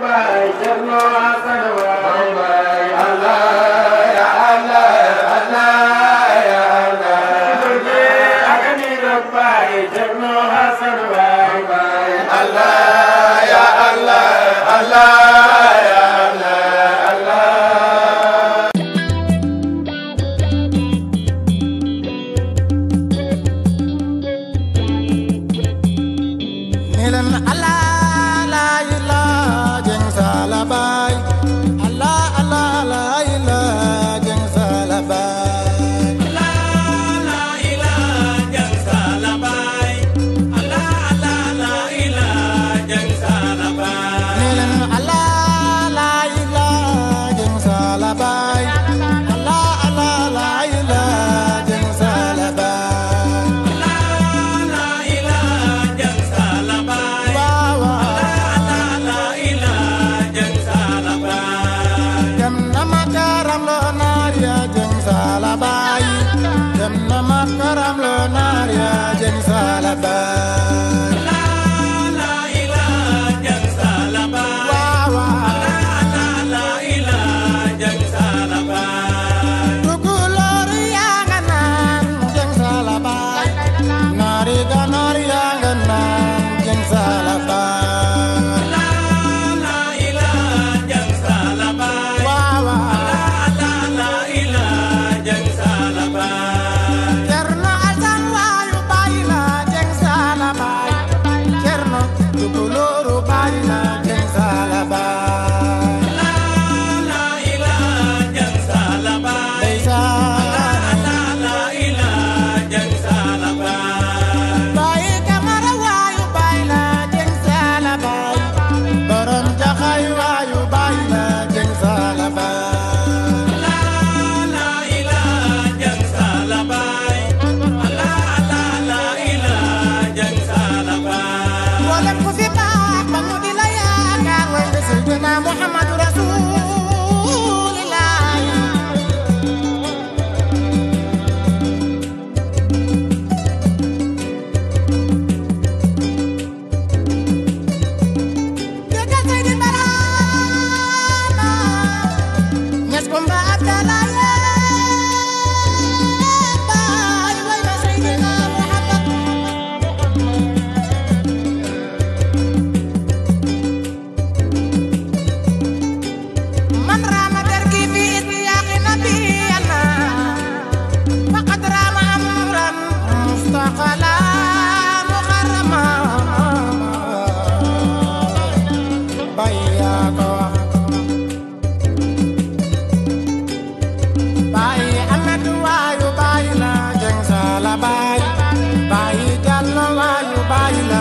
Milan Allah Jesus.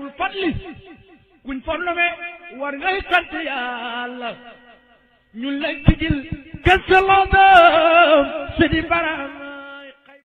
ul fadli kuñ fornome war ngay sant yàlla ñun lañ ci jël kese loo si di baram